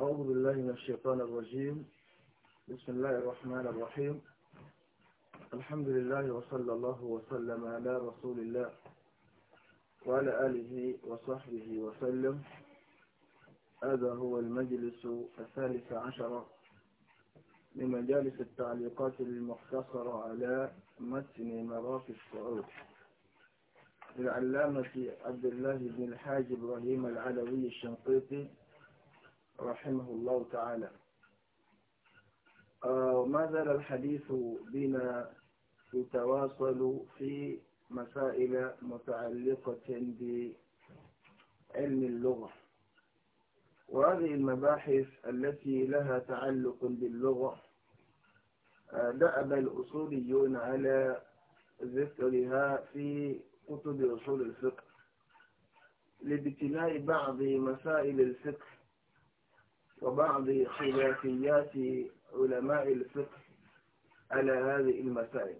أعوذ بالله من الشيطان الرجيم بسم الله الرحمن الرحيم الحمد لله وصلى الله وسلم على رسول الله وعلى آله وصحبه وسلم هذا هو المجلس الثالث عشر من مجالس التعليقات المختصرة على متن مراكز الصعود للعلامة عبد الله بن الحاج إبراهيم العلوي الشنقيطي رحمه الله تعالى آه، ما زال الحديث بنا يتواصل في مسائل متعلقة بعلم اللغة وهذه المباحث التي لها تعلق باللغة آه، دأب الأصوليون على ذكرها في كتب أصول الفقه لابتلاء بعض مسائل الفقه وبعض خلافيات علماء الفقه على هذه المسائل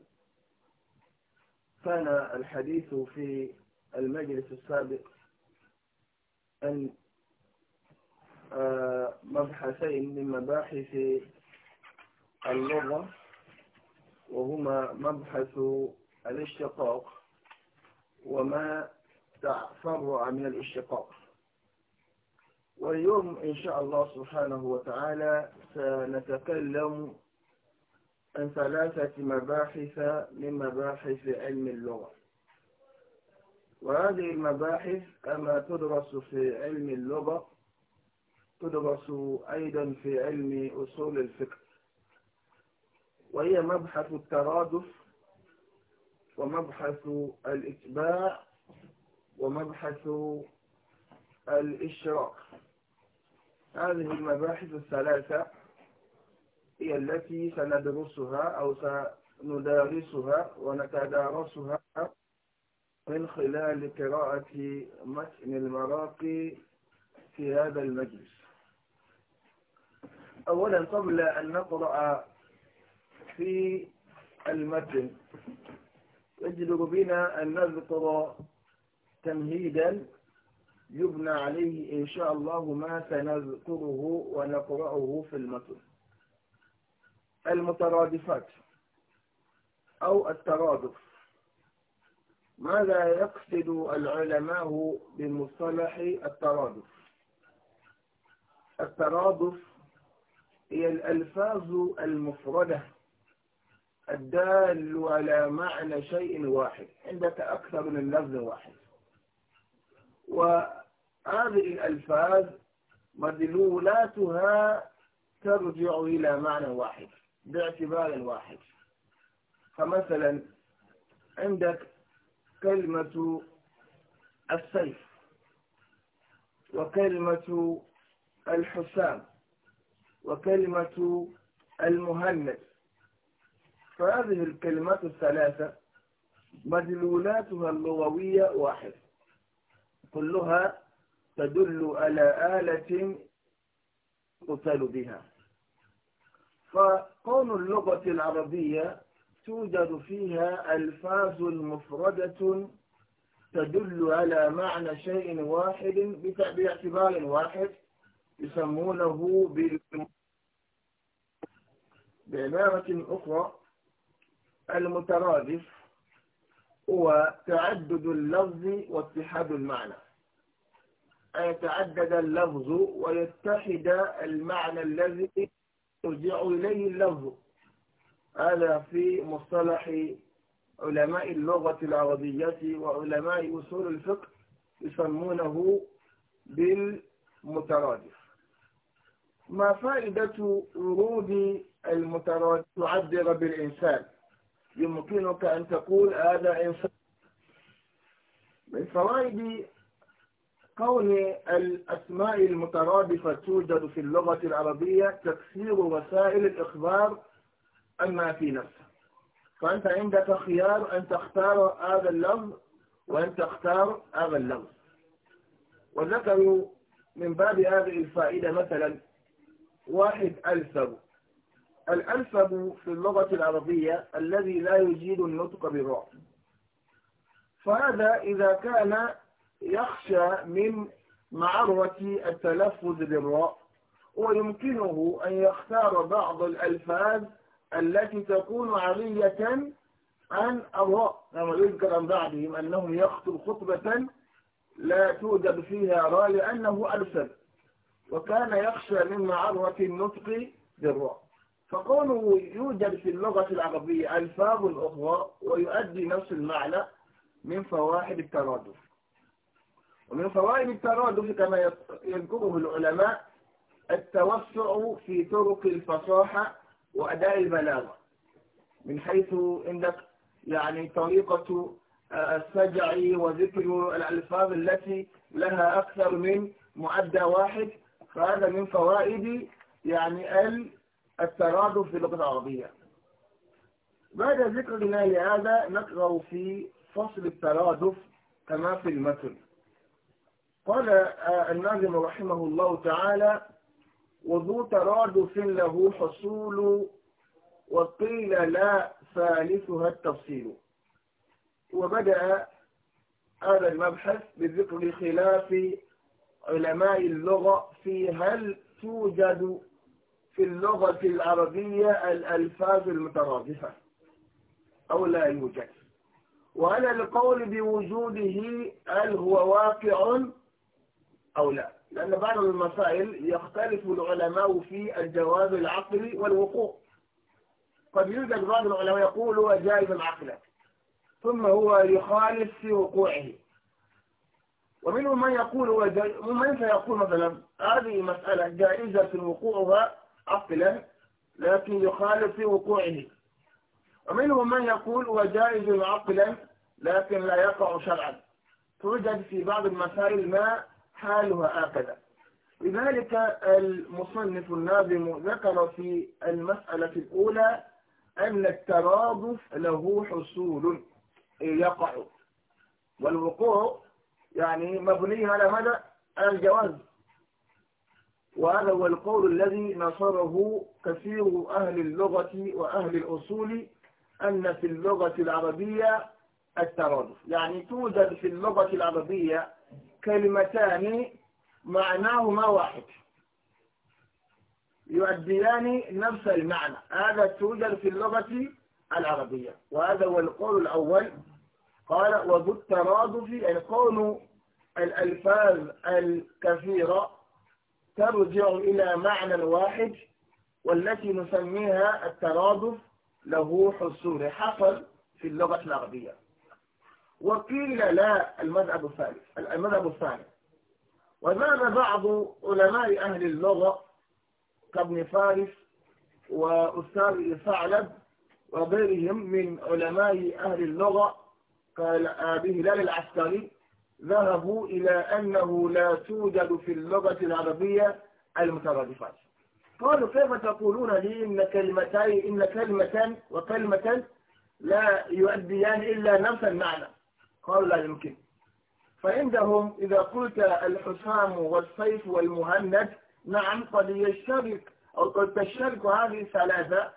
كان الحديث في المجلس السابق أن آه، مبحثين من مباحث اللغة وهما مبحث الاشتقاق وما تفرع من الاشتقاق واليوم إن شاء الله سبحانه وتعالى سنتكلم عن ثلاثة مباحث من مباحث علم اللغة وهذه المباحث كما تدرس في علم اللغة تدرس أيضا في علم أصول الفكر وهي مبحث الترادف ومبحث الإتباع ومبحث الإشراك هذه المباحث الثلاثة هي التي سندرسها أو سندارسها ونتدارسها من خلال قراءة متن المراقي في هذا المجلس أولا قبل أن نقرأ في المتن يجدر بنا أن نذكر تمهيدا يبنى عليه إن شاء الله ما سنذكره ونقرأه في المتن المترادفات أو الترادف ماذا يقصد العلماء بمصطلح الترادف الترادف هي الألفاظ المفردة الدال على معنى شيء واحد عندك أكثر من لفظ واحد وهذه الألفاظ مدلولاتها ترجع إلى معنى واحد باعتبار واحد فمثلا عندك كلمة السيف وكلمة الحسام وكلمة المهند فهذه الكلمات الثلاثة مدلولاتها اللغوية واحد كلها تدل على آلة تقتل بها فكون اللغة العربية توجد فيها ألفاظ مفردة تدل على معنى شيء واحد باعتبار واحد يسمونه بعبارة أخرى المترادف هو تعدد اللفظ واتحاد المعنى أن يتعدد اللفظ ويتحد المعنى الذي يرجع إليه اللفظ هذا في مصطلح علماء اللغة العربية وعلماء أصول الفقه يسمونه بالمترادف ما فائدة ورود المترادف تعبر بالإنسان يمكنك أن تقول هذا إنسان من فوائد كون الأسماء المترادفة توجد في اللغة العربية تكسير وسائل الإخبار أما في نفسها فأنت عندك خيار أن تختار هذا اللفظ وأن تختار هذا اللفظ وذكروا من باب هذه الفائدة مثلا واحد ألسب الألسب في اللغة العربية الذي لا يجيد النطق بالرعب فهذا إذا كان يخشى من معروة التلفظ بالراء ويمكنه أن يختار بعض الألفاظ التي تكون عرية عن الراء كما يذكر عن بعضهم أنهم يخطب خطبة لا توجد فيها راء لأنه أرسل وكان يخشى من معروة النطق بالراء فقوله يوجد في اللغة العربية ألفاظ أخرى ويؤدي نفس المعنى من فواحد الترادف ومن فوائد الترادف كما يذكره العلماء التوسع في طرق الفصاحة وأداء البلاغة من حيث عندك يعني طريقة آه، السجع وذكر الألفاظ التي لها أكثر من معدى واحد فهذا من فوائد يعني الترادف في اللغة العربية بعد ذكرنا لهذا نقرأ في فصل الترادف كما في المتن قال آه، الناظم رحمه الله تعالى وذو ترادف له حصول وقيل لا ثالثها التفصيل وبدأ هذا المبحث بذكر خلاف علماء اللغة في هل توجد في اللغة العربية الألفاظ المترادفة أو لا يوجد وهل القول بوجوده هل هو واقع أو لا لأن بعض المسائل يختلف العلماء في الجواب العقلي والوقوع قد يوجد بعض العلماء يقول هو جائز عقلا ثم هو يخالف في وقوعه ومنهم من يقول هو جائز من سيقول مثلا هذه مسألة جائزة وقوعها عقلا لكن يخالف في وقوعه ومنهم من يقول هو جائز عقلا لكن لا يقع شرعا توجد في بعض المسائل ما حالها هكذا لذلك المصنف الناظم ذكر في المسألة الأولى أن الترادف له حصول إيه، يقع والوقوع يعني مبني على ماذا؟ الجواز وهذا هو القول الذي نصره كثير أهل اللغة وأهل الأصول أن في اللغة العربية الترادف يعني توجد في اللغة العربية كلمتان معناهما واحد يؤديان نفس المعنى هذا توجد في اللغة العربية وهذا هو القول الأول قال وبالترادف يعني كون الألفاظ الكثيرة ترجع إلى معنى واحد والتي نسميها الترادف له حصول حصل في اللغة العربية وقيل لا المذهب الثالث المذهب الثاني وذهب بعض علماء أهل اللغة كابن فارس وأستاذ ثعلب وغيرهم من علماء أهل اللغة كبهلال العسكري ذهبوا إلى أنه لا توجد في اللغة العربية المترادفات قالوا كيف تقولون لي إن كلمتين إن كلمة وكلمة لا يؤديان إلا نفس المعنى قالوا لا يمكن فعندهم إذا قلت الحسام والصيف والمهند نعم قد يشترك أو قد تشترك هذه الثلاثة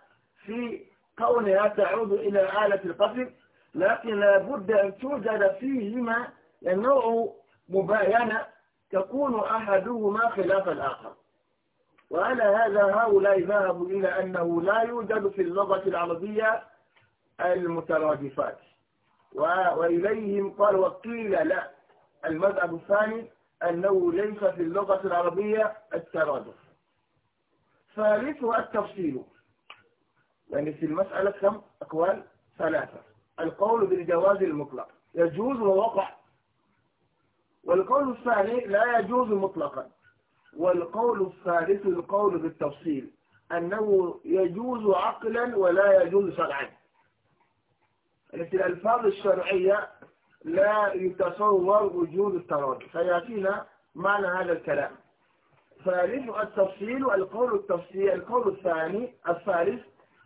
في كونها تعود إلى آلة القتل لكن لابد أن توجد فيهما نوع مباينة تكون أحدهما خلاف الآخر وعلى هذا هؤلاء ذهبوا إلى أنه لا يوجد في اللغة العربية المترادفات وإليهم قال وقيل لا المذهب الثاني أنه ليس في اللغة العربية الترادف ثالثها التفصيل يعني في المسألة كم أقوال ثلاثة القول بالجواز المطلق يجوز ووقع والقول الثاني لا يجوز مطلقا والقول الثالث القول بالتفصيل أنه يجوز عقلا ولا يجوز شرعا في الألفاظ الشرعية لا يتصور وجود الترادف فيأتينا معنى هذا الكلام ثالث التفصيل والقول التفصيل القول الثاني الثالث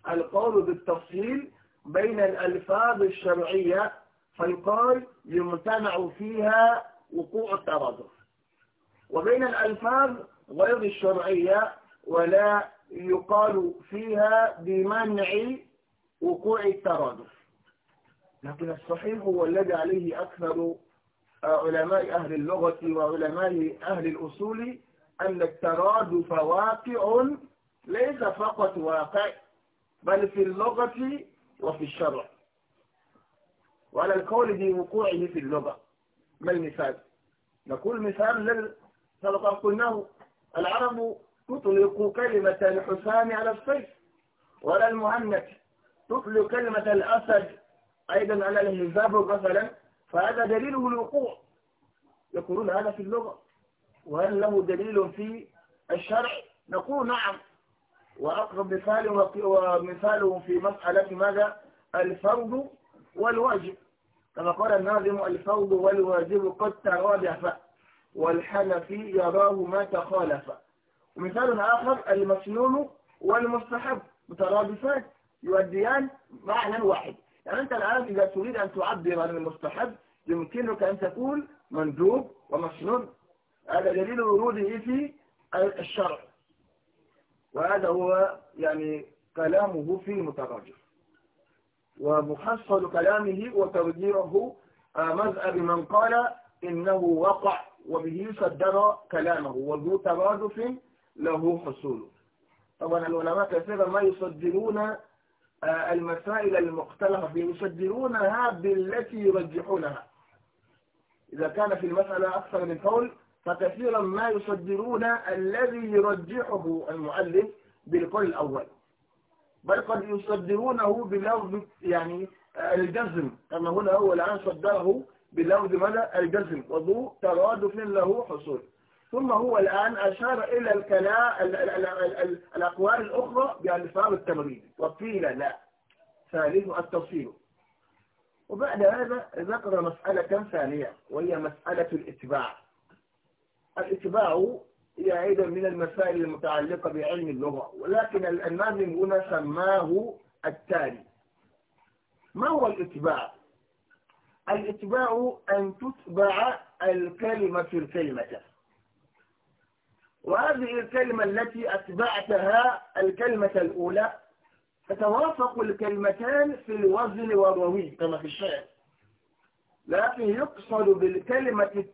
القول بالتفصيل بين الألفاظ الشرعية فيقال يمتنع فيها وقوع الترادف وبين الألفاظ غير الشرعية ولا يقال فيها بمنع وقوع الترادف لكن الصحيح هو الذي عليه أكثر آه، علماء أهل اللغة وعلماء أهل الأصول أن الترادف واقع ليس فقط واقع بل في اللغة وفي الشرع وعلى القول بوقوعه في اللغة ما المثال؟ نقول مثال الذي سبق قلناه العرب تطلق كلمة الحسام على السيف ولا المهند تطلق كلمة الأسد أيضا على الهزاب مثلا فهذا دليله الوقوع يقولون هذا في اللغة وهل له دليل في الشرع نقول نعم وأقرب مثال ومثاله في مسألة ماذا الفرض والواجب كما قال الناظم الفوض والواجب قد ترادف والحنفي يراه ما تخالف ومثال آخر المسنون والمستحب مترادفان يؤديان معنى واحد يعني أنت الآن إذا تريد أن تعبر عن المستحب يمكنك أن تقول مندوب ومسنون هذا دليل وروده في الشرع وهذا هو يعني كلامه في المتراجع ومحصل كلامه وترجيعه مذهب من قال إنه وقع وبه صدر كلامه وذو تراجف له حصوله طبعا العلماء كثيرا ما يصدرون آه، المسائل المختلفة يصدرونها بالتي يرجحونها إذا كان في المسألة أكثر من قول فكثيرا ما يصدرون الذي يرجحه المؤلف بالقول الأول بل قد يصدرونه بلفظ يعني آه، الجزم كما هنا هو الآن صدره بلفظ ماذا الجزم وضوء ترادف له حصول ثم هو الآن أشار إلى الكلام الأقوال الأخرى صار التمرين وقيل لا ثالث التوصيل وبعد هذا ذكر مسألة ثانية وهي مسألة الإتباع الإتباع هي أيضا من المسائل المتعلقة بعلم اللغة ولكن الناظم هنا سماه التالي ما هو الإتباع؟ الإتباع أن تتبع الكلمة الكلمة وهذه الكلمة التي أتبعتها الكلمة الأولى تتوافق الكلمتان في الوزن والروي كما في الشعر لكن يقصد بالكلمة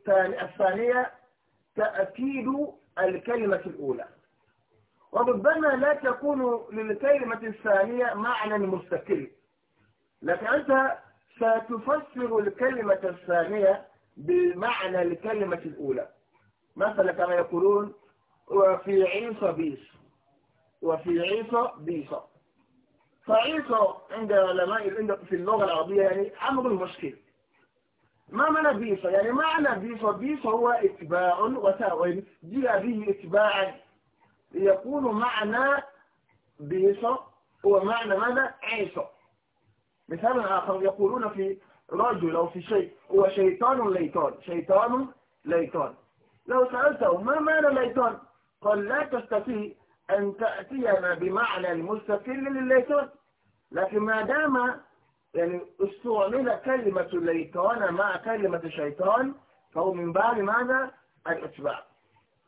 الثانية تأكيد الكلمة الأولى وربما لا تكون للكلمة الثانية معنى مستقل لكن أنت ستفسر الكلمة الثانية بمعنى الكلمة الأولى مثلا كما يقولون وفي عيسى بيس وفي عيسى بيس فعيسى عند العلماء في اللغة العربية يعني أمر مشكل ما معنى بيس يعني معنى بيس بيس هو اتباع وتأويل جاء به اتباعا يكون معنى بيس هو معنى ماذا عيسى مثال آخر يقولون في رجل أو في شيء هو شيطان ليطان شيطان ليطان لو سألته ما معنى ليطان لا تستطيع أن تأتينا بمعنى مستقل للليتون لكن ما دام يعني استعمل كلمة الليتون مع كلمة شيطان فهو من باب ماذا؟ الإتباع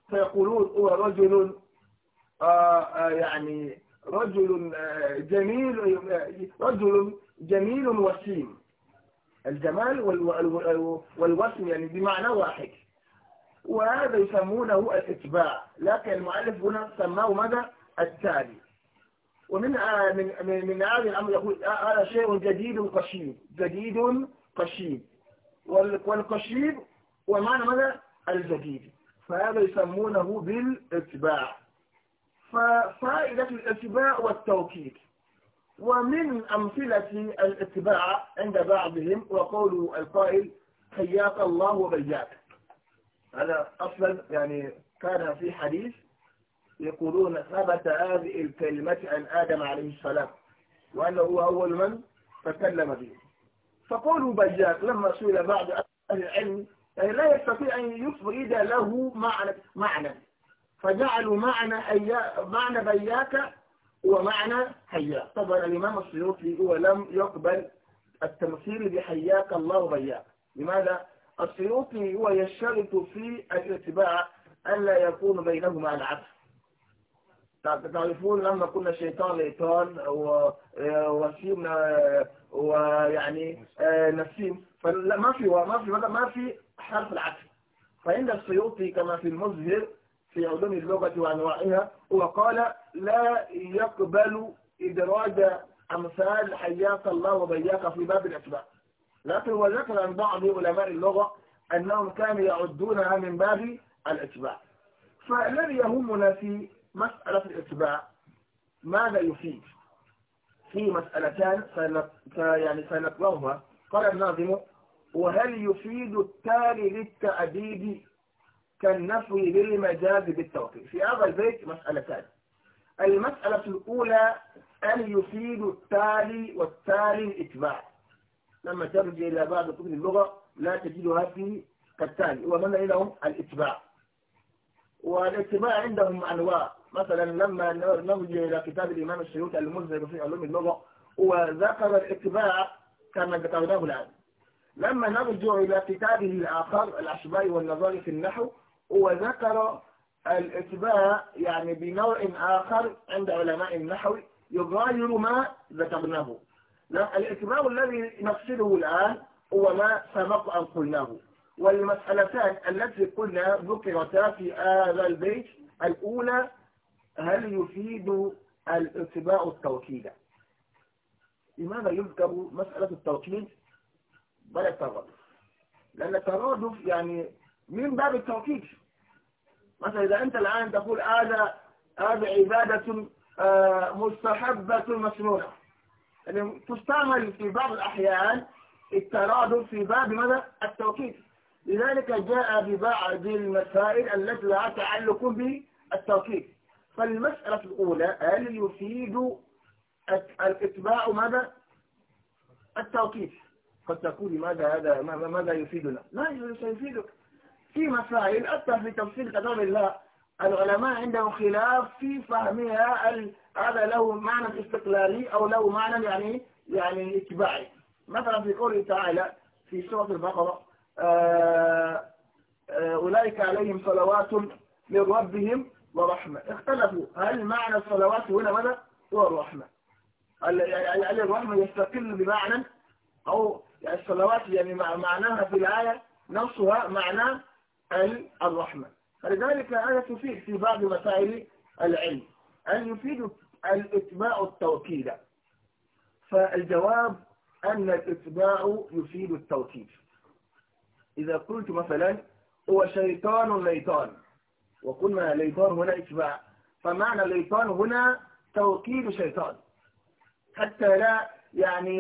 فيقولون هو رجل آه، آه، يعني رجل آه، جميل رجل جميل وسيم الجمال والوسم يعني بمعنى واحد وهذا يسمونه الإتباع لكن المؤلف هنا سماه ماذا التالي ومن آه، من من, من هذا الأمر يقول آه، هذا شيء جديد قشيب جديد قشيب والقشيب ومعنى ماذا الجديد فهذا يسمونه بالاتباع ففائدة الاتباع والتوكيد ومن أمثلة الاتباع عند بعضهم وقول القائل حياك الله وبياك أنا أصلا يعني كان في حديث يقولون ثبت هذه الكلمة عن آدم عليه السلام وأنه هو أول من تكلم به فقولوا بجاك لما سئل بعض أهل العلم يعني لا يستطيع أن يفرد له معنى معنى فجعلوا معنى أي معنى بياك ومعنى حياك طبعا الإمام السيوطي هو لم يقبل التمثيل بحياك الله بياك لماذا؟ السيوطي هو يشترط في الاتباع ألا يكون بينهما العبد تعرفون لما كنا شيطان ليطان ووسيم ويعني آه، نسيم فما في ما في ما في حرف العكس فعند السيوطي كما في المظهر في علوم اللغة وأنواعها هو قال لا يقبل إدراج أمثال حياك الله وبياك في باب الأسباب لكن وذكر عن بعض علماء اللغة أنهم كانوا يعدونها من باب الإتباع فالذي يهمنا في مسألة الإتباع ماذا يفيد في مسألتان يعني سنقرأها قال الناظم وهل يفيد التالي للتأديب كالنفي للمجاز بالتوقيع في هذا البيت مسألتان المسألة الأولى أن يفيد التالي والتالي الإتباع لما ترجع إلى بعض كتب اللغة لا تجدها في كالتالي ومن لهم الاتباع والاتباع عندهم أنواع مثلا لما نرجع إلى كتاب الإمام الشيوخ المزهر في علوم اللغة وذكر الاتباع كما ذكرناه الآن لما نرجع إلى كتابه الآخر الأشباء والنظر في النحو وذكر الاتباع يعني بنوع آخر عند علماء النحو يغاير ما ذكرناه الإتمام الذي نقصده الآن هو ما سبق أن قلناه والمسألتان التي قلنا ذكرتا في هذا البيت الأولى هل يفيد الاتباع التوكيد لماذا يذكر مسألة التوكيد بل الترادف لأن الترادف يعني من باب التوكيد مثلا إذا أنت الآن تقول هذا هذا عبادة آه، مستحبة مسنونة يعني تستعمل في بعض الأحيان الترادف في باب ماذا؟ التوقيت لذلك جاء ببعض المسائل التي لها تعلق بالتوقيت فالمسألة الأولى هل يفيد الاتباع ماذا؟ التوقيت قد تقول ماذا هذا ماذا يفيدنا؟ لا يفيدك في مسائل أتى في تفصيل كتاب الله العلماء عندهم خلاف في فهمها هذا له معنى استقلالي أو له معنى يعني يعني اتباعي مثلا في قوله تعالى في سورة البقرة آآ آه، آآ آه، أولئك عليهم صلوات من ربهم ورحمة اختلفوا هل معنى الصلوات هنا ماذا هو الرحمة يعني الرحمة يستقل بمعنى أو يعني الصلوات يعني معناها في الآية نفسها معنى الرحمة فلذلك هذا تفيد في بعض مسائل العلم أن يفيد الإتباع التوكيد فالجواب أن الإتباع يفيد التوكيد إذا قلت مثلا هو شيطان ليطان وقلنا ليطان هنا إتباع فمعنى ليطان هنا توكيد شيطان حتى لا يعني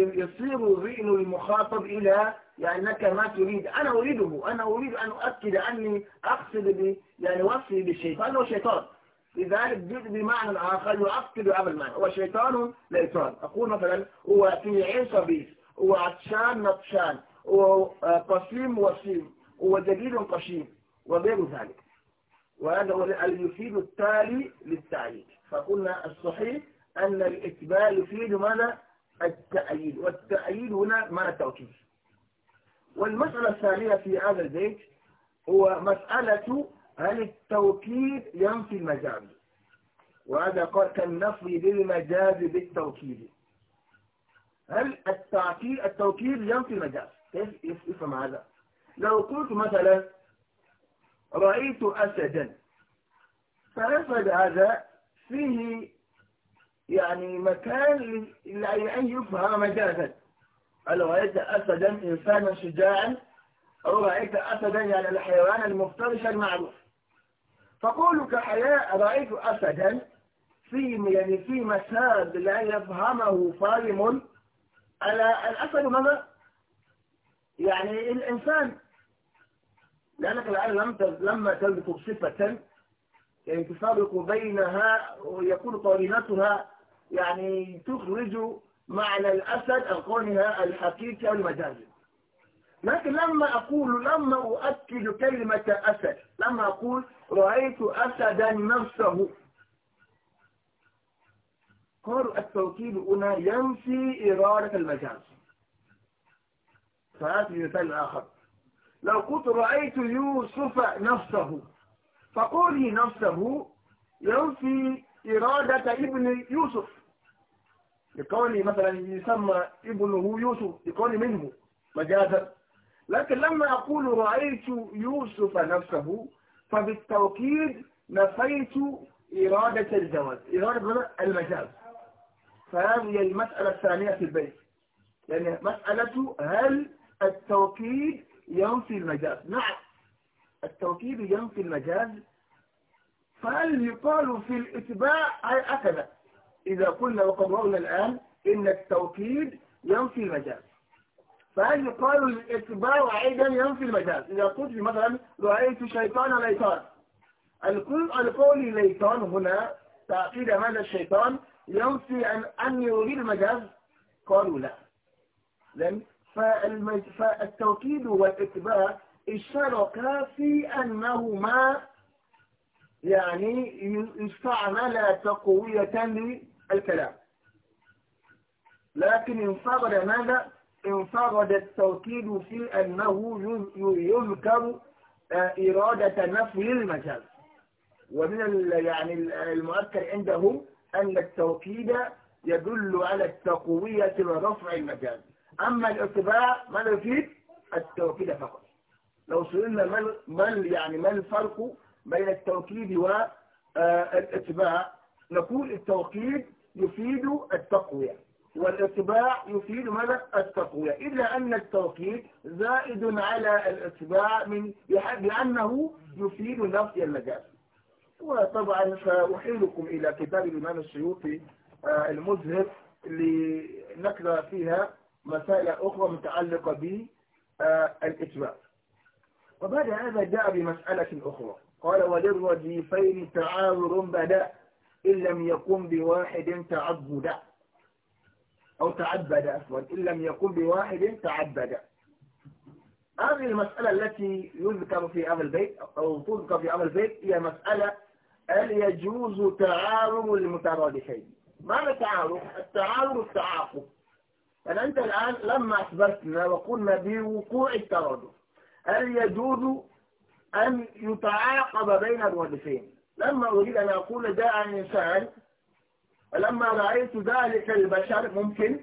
يصير ذئن المخاطب إلى لأنك يعني ما تريد أنا أريده أنا أريد أن أؤكد أني أقصد ب... يعني وصفي بالشيطان هو شيطان لذلك جئت بمعنى آخر يؤكد هذا المعنى هو شيطان ليطان أقول مثلا هو في عين صبيس هو عطشان نطشان هو آه، قصيم وسيم هو جديد قشيم وغير ذلك وهذا هو الذي يفيد التالي للتعيين فقلنا الصحيح أن الإتباع يفيد ماذا؟ التأييد والتأييد هنا معنى التوكيد والمسألة الثانية في هذا البيت هو مسألة هل التوكيد ينفي المجاز وهذا قال كالنفي للمجاز بالتوكيد هل التعكيد التوكيد ينفي المجاز كيف يفهم هذا لو قلت مثلا رأيت أسدا فالأسد هذا فيه يعني مكان لأن يفهم مجازا قال رأيت أسدا إنسانا شجاعا أو رأيت أسدا يعني الحيوان المفترش المعروف فقولك حياء رأيت أسدا في يعني في مساد لا يفهمه صارم على الأسد ماذا؟ يعني الإنسان لأنك الآن لم لما تذكر صفة يعني تفرق بينها ويكون قرينتها يعني تخرج معنى الأسد أقولها الحقيقة المجازي لكن لما أقول لما أؤكد كلمة أسد لما أقول رأيت أسدا نفسه قالوا التوكيد هنا ينفي إرادة المجاز فهاتي مثال آخر لو قلت رأيت يوسف نفسه فقولي نفسه ينفي إرادة ابن يوسف يكون مثلا يسمى ابنه يوسف يكون منه مجازا لكن لما أقول رأيت يوسف نفسه فبالتوكيد نفيت إرادة الجواز إرادة المجاز فهذه المسألة الثانية في البيت يعني مسألة هل التوكيد ينفي المجاز نعم التوكيد ينفي المجاز فهل يقال في الإتباع أي أكذا إذا قلنا وقد رأينا الآن إن التوكيد ينفي المجاز فهل يقال الاتباع أيضا ينفي المجاز إذا قلت مثلا رأيت شيطان ليطان القول ليطان هنا تعقيد ماذا الشيطان ينفي أن, أن يريد المجاز قالوا لا لأن فالمج... فالتوكيد والاتباع اشتركا في أنهما يعني يستعملا تقوية الكلام لكن انفرد ماذا انفرد التوكيد في أنه يذكر آه، إرادة نفي المجال ومن يعني المؤكد عندهم أن التوكيد يدل على التقوية ورفع المجال أما الاتباع ما يفيد التوكيد فقط لو سئلنا ما يعني ما الفرق بين التوكيد والاتباع آه، نقول التوكيد يفيد التقوية والاتباع يفيد ماذا التقوية إلا أن التوكيد زائد على الاتباع من لأنه يفيد نفي المجاز وطبعا سأحيلكم إلى كتاب الإمام السيوطي آه، المذهب لنقرأ فيها مسائل أخرى متعلقة بالاتباع آه، وبعد هذا جاء بمسألة أخرى قال وللرجيفين تعاور بدأ إن لم يقم بواحد تعبدا أو تعبد عفوا إن لم يقم بواحد تعبد هذه المسألة التي يذكر في هذا البيت أو تذكر في هذا البيت هي مسألة هل يجوز تعارض المترادفين ماذا التعارض؟ التعارض التعاقب يعني أنت الآن لما أثبتنا وقلنا بوقوع الترادف هل يجوز أن يتعاقب بين الرادفين لما أريد أن أقول جاء إنسان فلما رأيت ذلك البشر ممكن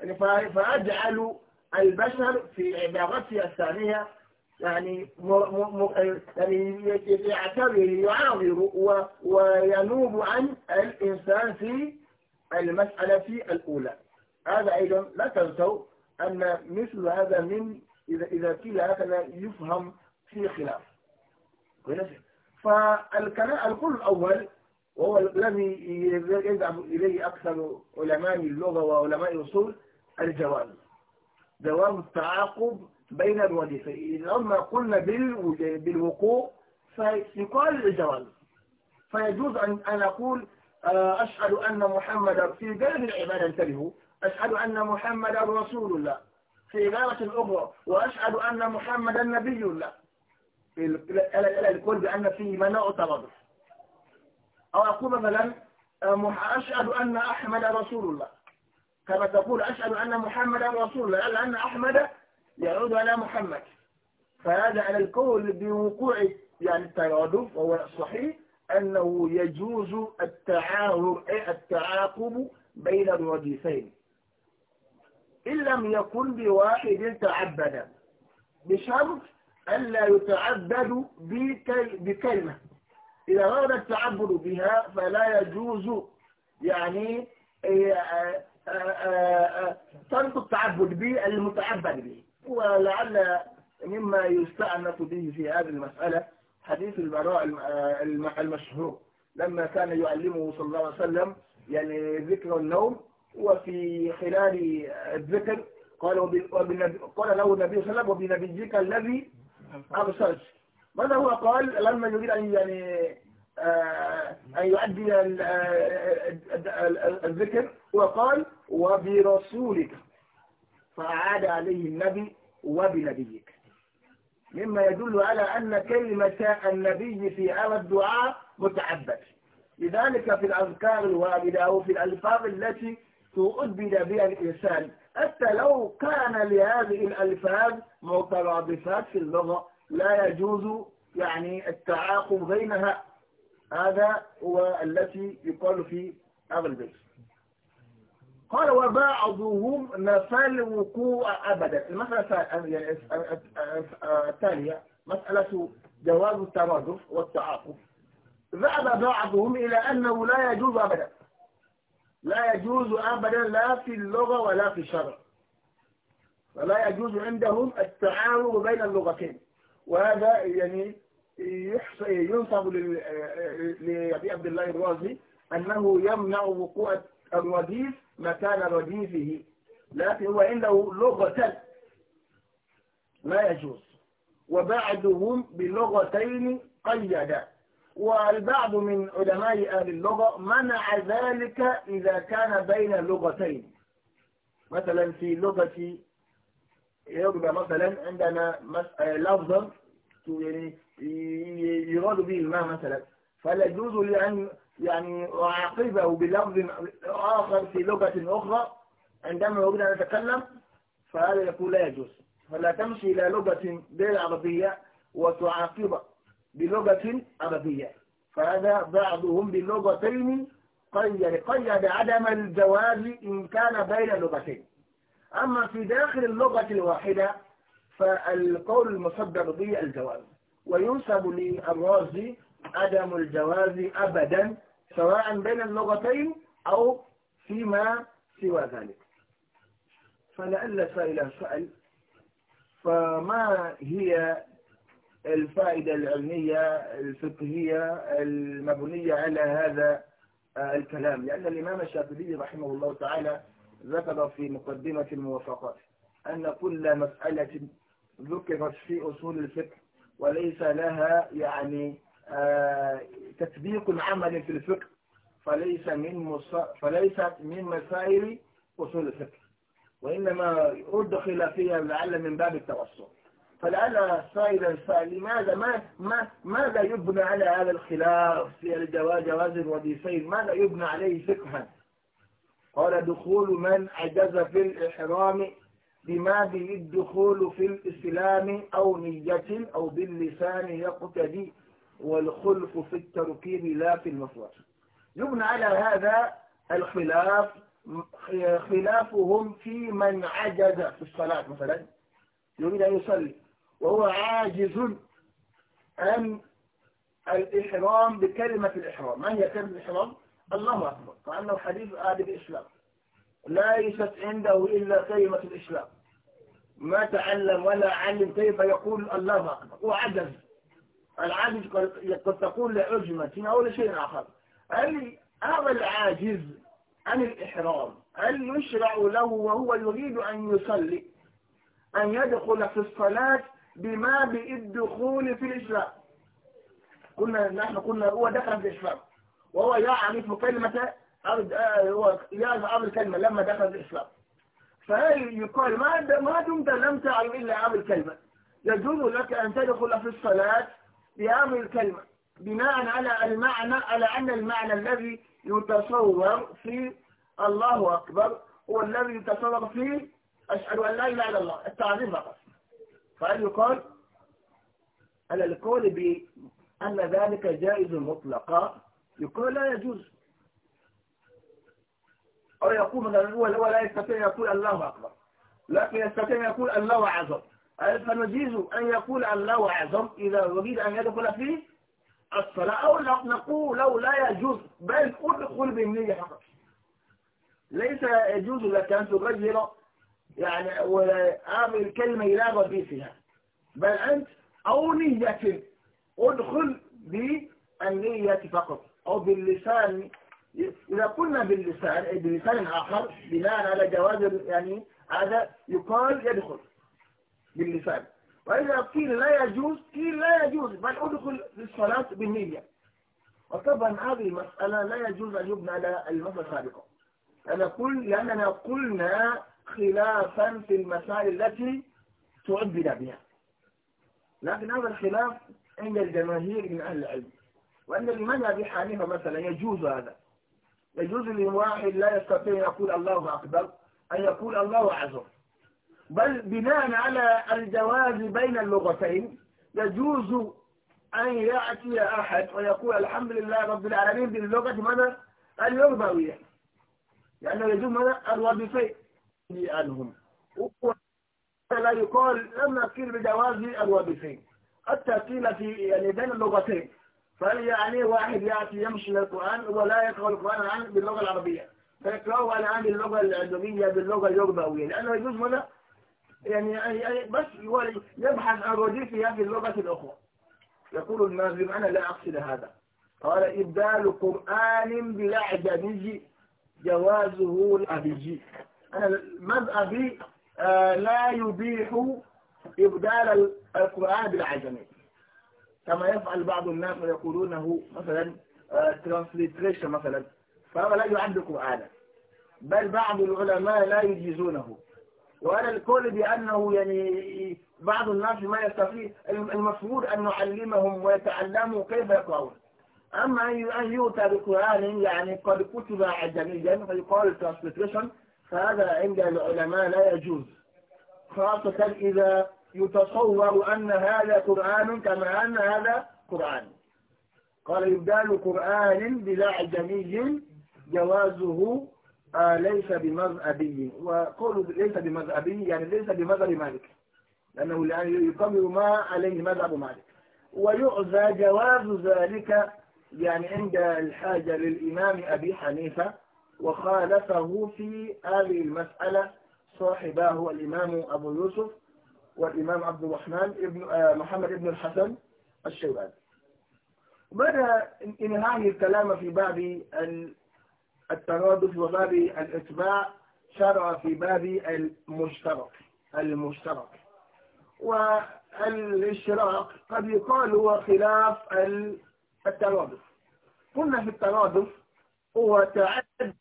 يعني فأجعل البشر في عبارتي الثانية يعني يعني يعتبر يعاور وينوب عن الإنسان في المسألة في الأولى هذا أيضا لا تنسوا أن مثل هذا من إذا إذا قيل هكذا يفهم في خلاف ونفهم الكل الأول وهو الذي يذهب إليه أكثر علماء اللغة وعلماء الأصول الجواب دوام التعاقب بين الوظيفين لما قلنا بالوقوع فيقال الجواب فيجوز أن أن أقول آه، أشهد أن محمدا في غير العبادة انتبهوا أشهد أن محمدا رسول الله في عبارة أخرى وأشهد أن محمدا نبي الله الكل بأن فيه ما لا أو أقول مثلا آه، أشهد أن أحمد رسول الله كما تقول أشهد أن محمد رسول الله لأن أحمد يعود على محمد فهذا على الكون بوقوع يعني الترادف وهو صحيح أنه يجوز التعاهر أي التعاقب بين الرديفين إن لم يكن بواحد تعبدا بشرط ألا يتعبد بكلمة إذا أراد التعبد بها فلا يجوز يعني آه، آه، آه، ترك التعبد به المتعبد به ولعل مما يستأنف به في هذه المسألة حديث البراء المشهور لما كان يعلمه صلى الله عليه وسلم يعني ذكر النوم وفي خلال الذكر قال قال له النبي صلى الله عليه وسلم وبنبيك الذي الريسيرش ماذا هو قال لما يريد أن يعني آه، أن يؤدي آه، آه، الذكر وقال وبرسولك فأعاد عليه النبي وبنبيك مما يدل على أن كلمة النبي في هذا الدعاء متعبد لذلك في الأذكار الواردة أو في الألفاظ التي تؤدي بها الإنسان حتى لو كان لهذه الألفاظ مترادفات في اللغة لا يجوز يعني التعاقب بينها هذا هو التي يقال في هذا البيت قال وبعضهم نفى الوقوع أبدا المسألة التالية يعني مسألة جواز الترادف والتعاقب ذهب بعضهم إلى أنه لا يجوز أبدا لا يجوز أبدا لا في اللغة ولا في الشرع ولا يجوز عندهم التعارض بين اللغتين وهذا يعني ينصب لأبي عبد الله الرازي أنه يمنع وقوع الرديف مكان رديفه لكن هو عنده لغة لا يجوز وبعدهم بلغتين قيدا والبعض من علماء أهل اللغة منع ذلك إذا كان بين لغتين مثلا في لغة يربى مثلا عندنا آه، لفظا يعني يراد به الماء مثلا فلا يجوز أن يعني أعاقبه بلفظ آخر في لغة أخرى عندما يريد أن يتكلم فهذا يقول لا يجوز فلا تمشي إلى لغة غير عربية وتعاقبه بلغة عربية فهذا بعضهم بلغتين قيد قيد عدم الجواز إن كان بين لغتين أما في داخل اللغة الواحدة فالقول المصدر به الجواز وينسب للرازي عدم الجواز أبدا سواء بين اللغتين أو فيما سوى ذلك فلعل سائل سأل فما هي الفائدة العلمية الفقهية المبنية على هذا آه، الكلام لأن الإمام الشافعي رحمه الله تعالى ذكر في مقدمة الموافقات أن كل مسألة ذكرت في أصول الفقه وليس لها يعني آه، تطبيق عمل في الفقه فليس من مص... فليست من مسائل أصول الفقه وإنما أدخل فيها لعل من باب التوسط فالآن سائلا لماذا ما ما ماذا يبنى على هذا الخلاف في الجواز جواز الرديفين ماذا يبنى عليه فقها قال دخول من عجز في الإحرام بما به الدخول في الإسلام أو نية أو باللسان يقتدي والخلق في التركيب لا في المفرد يبنى على هذا الخلاف خلافهم في من عجز في الصلاة مثلا يريد أن يصلي وهو عاجز عن الإحرام بكلمة الإحرام ما هي كلمة الإحرام؟ الله أكبر مع أنه حديث آل الإسلام ليست عنده إلا كلمة الإسلام ما تعلم ولا علم كيف يقول الله أكبر هو عجز العاجز قد تقول لعجمة أو لشيء آخر هل هذا العاجز عن الإحرام هل يشرع له وهو يريد أن يصلي أن يدخل في الصلاة بما بالدخول في الإسلام قلنا نحن قلنا هو دخل في الإسلام وهو يعرف كلمة آه، هو يعرف عرض الكلمة لما دخل في الإسلام فهل يقال ما ما دمت لم تعلم إلا عرض الكلمة يجوز لك أن تدخل في الصلاة بعرض الكلمة بناء على المعنى على أن المعنى الذي يتصور في الله أكبر هو الذي يتصور فيه أشهد أن لا إله إلا الله التعريف فقط فهل يقال على القول بأن ذلك جائز مطلقا يقال لا يجوز أو يقول مثلا هو لا يستطيع أن يقول الله أكبر لكن يستطيع أن يقول الله أعظم فنجيز أن يقول الله أعظم إذا يريد أن يدخل في الصلاة أو نقول لو لا يجوز بل ادخل بالنية فقط ليس يجوز لك أن تغير يعني الكلمة كلمة يلاغوا فيها بل أنت أو نية ادخل بالنية فقط أو باللسان إذا قلنا باللسان بلسان آخر بناء على جواز يعني هذا يقال يدخل باللسان وإذا قيل لا يجوز قيل لا يجوز بل ادخل للصلاة بالنية وطبعا هذه المسألة لا يجوز أن يبنى على المسألة السابقة أنا قل لأننا قلنا خلافا في المسائل التي تعبد بها لكن هذا الخلاف عند الجماهير من أهل العلم وأن لمن أبي حنيفة مثلا يجوز هذا يجوز لواحد لا يستطيع أن يقول الله أكبر أن يقول الله أعظم بل بناء على الجواز بين اللغتين يجوز أن يأتي أحد ويقول الحمد لله رب العالمين باللغة ماذا؟ اللغوية لأنه يعني يجوز ماذا؟ الوظيفين لي عنهم لا يقال لم نذكر بجواز الوابسين التأكيل في يعني بين اللغتين فهل يعني واحد يأتي يمشي للقرآن ولا يقرأ القرآن عن باللغة العربية فيقرأه عن عن باللغة العلمية باللغة اليربوية لأنه يجوز هنا يعني بس يبحث عن رديفها في اللغة الأخرى يقول الناظم أنا لا أقصد هذا قال إبدال قرآن بالأعجمي جوازه الأبيجي المذهبي آه، لا يبيح إبدال القرآن بالعجمي كما يفعل بعض الناس ويقولونه مثلا ترانسليتريشن آه، مثلا فهذا لا يعد قرآنا بل بعض العلماء لا يجيزونه وأنا الكل بأنه يعني بعض الناس ما يستطيع المفروض أن نعلمهم ويتعلموا كيف يقرأون أما أن يؤتى بقرآن يعني قد كتب عجميا فيقال ترانسليتريشن فهذا عند العلماء لا يجوز خاصة إذا يتصور أن هذا قرآن كما أن هذا قرآن قال يبدال قرآن بلا عجمي جوازه آه ليس بمذهبي وقوله ليس بمذهبي يعني ليس بمذهب مالك لأنه الآن يقرر ما عليه مذهب مالك ويعزى جواز ذلك يعني عند الحاجة للإمام أبي حنيفة وخالفه في هذه المسألة صاحباه الإمام أبو يوسف والإمام عبد الرحمن ابن آه، محمد ابن الحسن الشيباني بدأ إنهاء الكلام في باب الترادف وباب الإتباع شرع في باب المشترك المشترك والاشتراك قد يقال هو خلاف الترادف قلنا في الترادف هو تعدد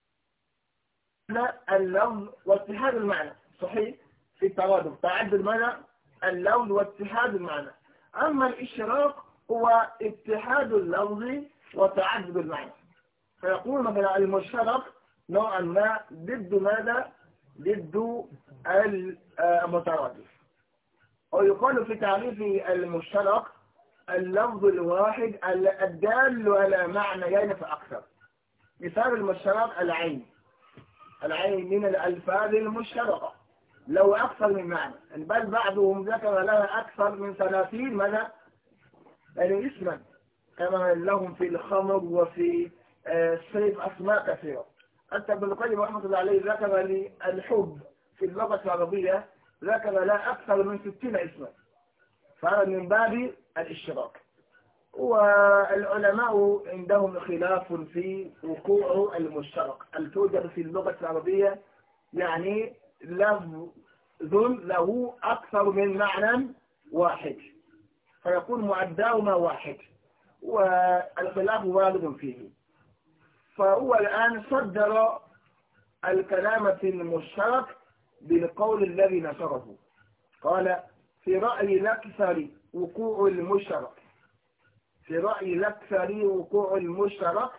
اللون واتحاد المعنى صحيح في الترادف تعد المعنى اللون واتحاد المعنى أما الإشراق هو اتحاد اللفظ وتعدد المعنى فيقول مثلا المشترك نوعا ما ضد ماذا ضد المترادف ويقال في تعريف المشترك اللفظ الواحد الدال على معنيين فأكثر مثال المشترك العين العين من الألفاظ المشتركة لو أكثر من معنى يعني بل بعضهم ذكر لها أكثر من ثلاثين ماذا؟ يعني اسما كما لهم في الخمر وفي آه، الصيف أسماء كثيرة حتى ابن القيم رحمة الله عليه ذكر لي الحب في اللغة العربية ذكر لا أكثر من ستين اسما فهذا من باب الاشتراك والعلماء عندهم خلاف في وقوع المشترك هل توجد في اللغة العربية يعني لفظ له أكثر من معنى واحد فيكون معداهما واحد والخلاف وارد فيه فهو الآن صدر الكلام في المشترك بالقول الذي نشره قال في رأي الأكثر وقوع المشترك في رأي الأكثر وقوع المشترك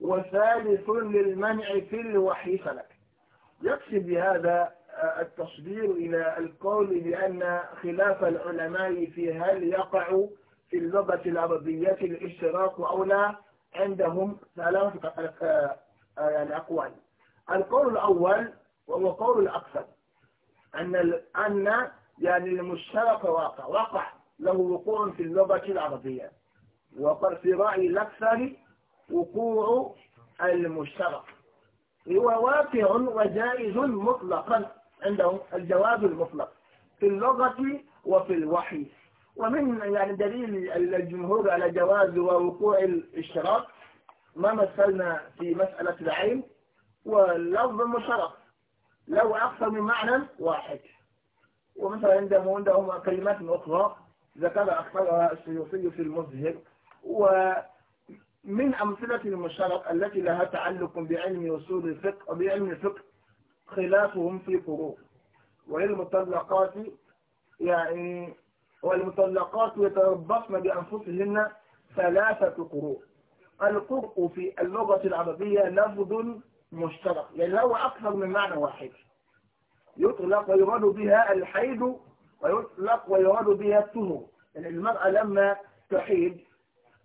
وثالث للمنع في الوحي فلك يقصد بهذا التصدير إلى القول بأن خلاف العلماء في هل يقع في اللغة العربية الاشتراك أو لا عندهم ثلاثة يعني أقوال القول الأول وهو قول الأكثر أن أن يعني المشترك واقع وقع له وقوع في اللغة العربية وقال في رأي الأكثر وقوع المشترك هو واقع وجائز مطلقا عندهم الجواب المطلق في اللغة وفي الوحي ومن يعني دليل الجمهور على جواز ووقوع الاشتراك ما مثلنا في مسألة العين واللفظ المشترك له أكثر من معنى واحد ومثلا عندهم عندهم كلمات أخرى ذكر أكثرها السيوطي في المذهب ومن أمثلة المشترك التي لها تعلق بعلم أصول الفقه وبعلم الفقه خلافهم في فروق والمطلقات يعني والمطلقات يتربصن بأنفسهن ثلاثة قروء القرء في اللغة العربية لفظ مشترك يعني له أكثر من معنى واحد يطلق ويراد بها الحيد ويطلق ويراد بها الطهر يعني المرأة لما تحيد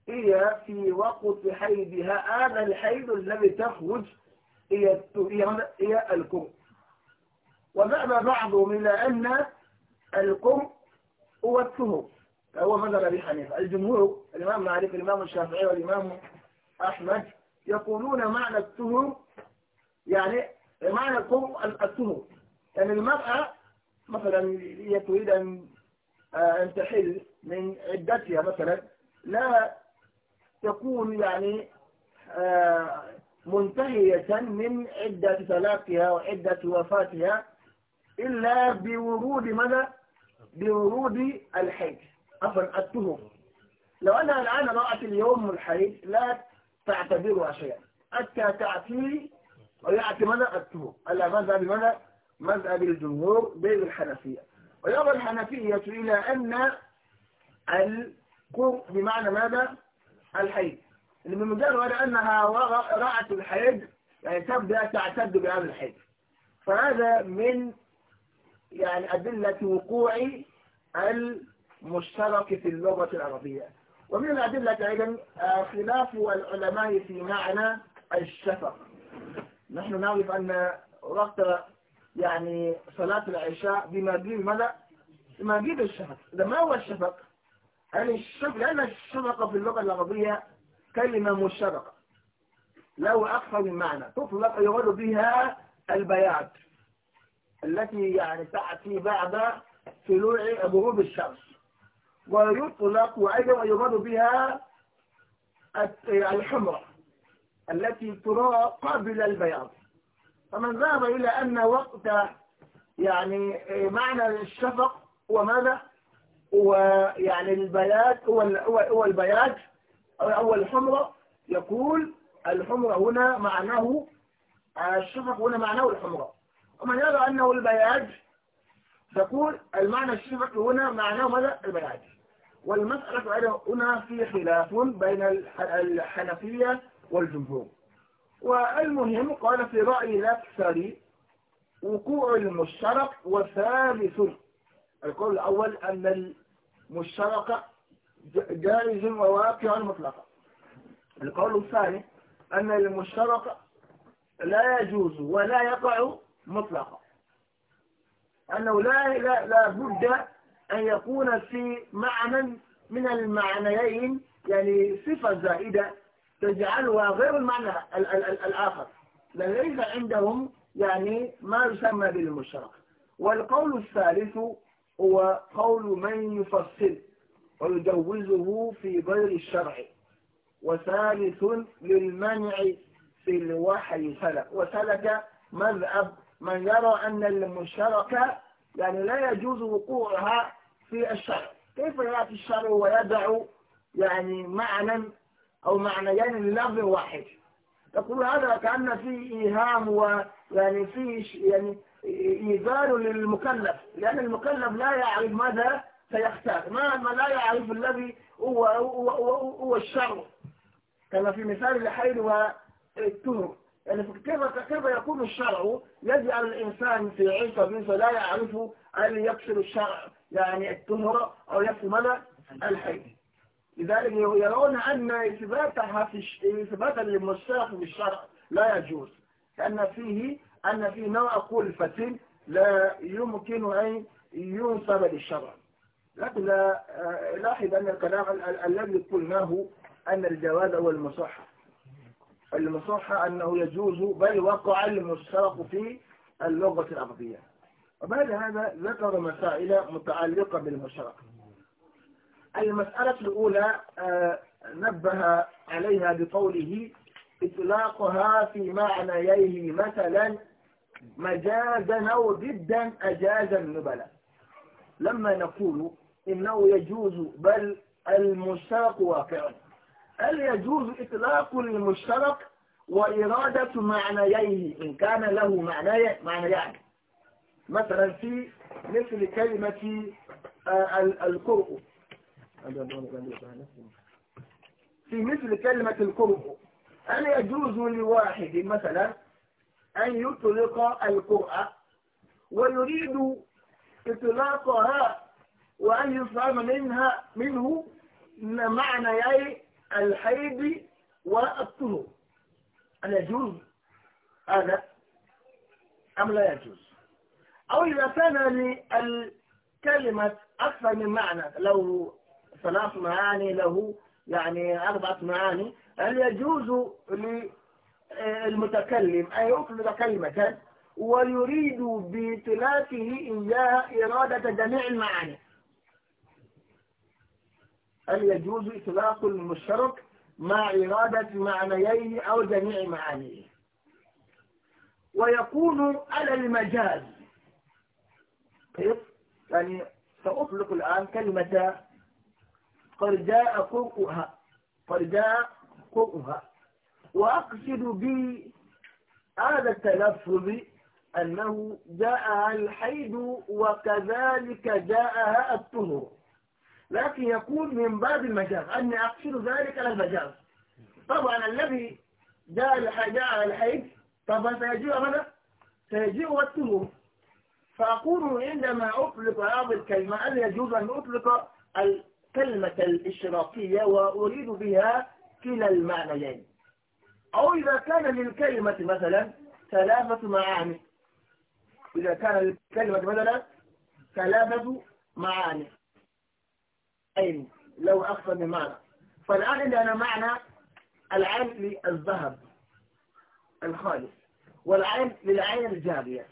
هي في وقت حيدها هذا الحيد الذي تخرج هي هي الكم ومعنى بعضهم من أن الكم هو الطهر هو مذهب أبي حنيفة الجمهور الإمام مالك الإمام الشافعي والإمام أحمد يقولون معنى الطهر يعني معنى الكم الطهر يعني المرأة مثلا هي تريد أن آه، أن تحل من عدتها مثلا لا تكون يعني آه، منتهية من عدة تلاقها وعدة وفاتها إلا بورود ماذا؟ بورود الحيض عفوا التهم لو أنها الآن رأت اليوم الحيض لا تعتبرها شيئا حتى تأتي ويعطي ماذا؟ التهم ألا ماذا؟ التهم على مذهب ماذا؟ مذهب الجمهور بين الحنفية ويرى الحنفية إلى أن القرء بمعنى ماذا؟ الحيض بمجرد أنها رأت الحيض يعني تبدأ تعتد بهذا الحيض فهذا من يعني أدلة وقوع المشترك في اللغة العربية ومن الأدلة أيضا آه، خلاف العلماء في معنى الشفق نحن نعرف أن وقت يعني صلاة العشاء بما بين ماذا؟ بما بين الشفق إذا ما هو الشفق؟ هل الشفق لأن الشفقة في اللغة العربية كلمة مشتركة له أكثر من معنى تطلق يراد بها البياض التي يعني تأتي بعد طلوع غروب الشمس ويطلق وأيضا يراد بها الحمرة التي ترى قبل البياض فمن ذهب إلى أن وقت يعني إيه، معنى الشفق هو ماذا؟ ويعني البياض هو هو البياض أو الحمرة يقول الحمرة هنا معناه الشفق هنا معناه الحمرة ومن يرى أنه البياض تقول المعنى الشفق هنا معناه ماذا البياض والمسألة هنا في خلاف بين الحنفية والجمهور والمهم قال في رأي الأكثر وقوع المشترك وثالث القول الأول أن مشتركة جائز وواقع مطلقة القول الثاني أن المشترك لا يجوز ولا يقع مطلقا أنه لا, لا, لا بد أن يكون في معنى من المعنيين يعني صفة زائدة تجعلها غير المعنى الـ الـ الـ الآخر ليس عندهم يعني ما يسمى بالمشترك والقول الثالث هو قول من يفصل ويجوزه في غير الشرع وثالث للمنع في الوحي سلك وسلك مذهب من يرى أن المشاركة يعني لا يجوز وقوعها في الشرع كيف يأتي الشرع ويدع يعني معنى أو معنيين للفظ واحد يقول هذا كأن فيه إيهام ويعني فيه يعني يزال للمكلف لأن المكلف لا يعرف ماذا سيختار ما, ما لا يعرف الذي هو, هو, هو, هو الشر كما في مثال الحيل والتهم يعني كيف كيف يكون الشرع يجعل الإنسان في عصبه لا يعرف هل يكسر الشرع يعني التهر أو يكسر ماذا الحيل لذلك يرون أن إثباتها في إثباتا للمشاق بالشرع لا يجوز لأن فيه أن في نوع الفتيل لا يمكن أن ينسب للشرع لكن آه، لاحظ أن الكلام الذي قلناه أن الجواز هو المصحة المصحة أنه يجوز بل وقع المشترك في اللغة العربية وبعد هذا ذكر مسائل متعلقة بالمشترك المسألة الأولى آه، نبه عليها بقوله إطلاقها في معنييه مثلا مجازا أو ضدا أجاز النبلاء لما نقول إنه يجوز بل المشترك واقع هل يجوز إطلاق المشترك وإرادة معنييه إن كان له معنى معنيان مثلا في مثل كلمة آه، الكرؤ في مثل كلمة الكرؤ هل يجوز لواحد مثلا أن يطلق القرآن ويريد إطلاقها وأن يفهم منها منه معنى الحيض والطهور أن يجوز هذا أم لا يجوز أو إذا كان للكلمة أكثر من معنى له ثلاث معاني له يعني أربعة معاني هل يجوز المتكلم أي يطلق كلمة ويريد بإطلاقه إياها إرادة جميع المعاني هل يجوز إطلاق المشترك مع إرادة معنييه أو جميع معانيه ويكون على المجاز كيف؟ يعني سأطلق الآن كلمة قد جاء قرؤها قد جاء وأقصد بهذا التلفظ أنه جاء الحيد وكذلك جاءها الطهر لكن يكون من باب المجاز أني أقصد ذلك على المجاز طبعا الذي جاء الحيد طبعا سيجيء ماذا؟ سيجيء الطهور فأقول عندما أطلق هذه الكلمة هل يجوز أن أطلق الكلمة الإشراقية وأريد بها كلا المعنيين أو إذا كان للكلمة مثلا ثلاثة معاني إذا كان للكلمة مثلا ثلاثة معاني أين لو أكثر من معنى فالآن عندنا معنى العين للذهب الخالص والعين للعين الجارية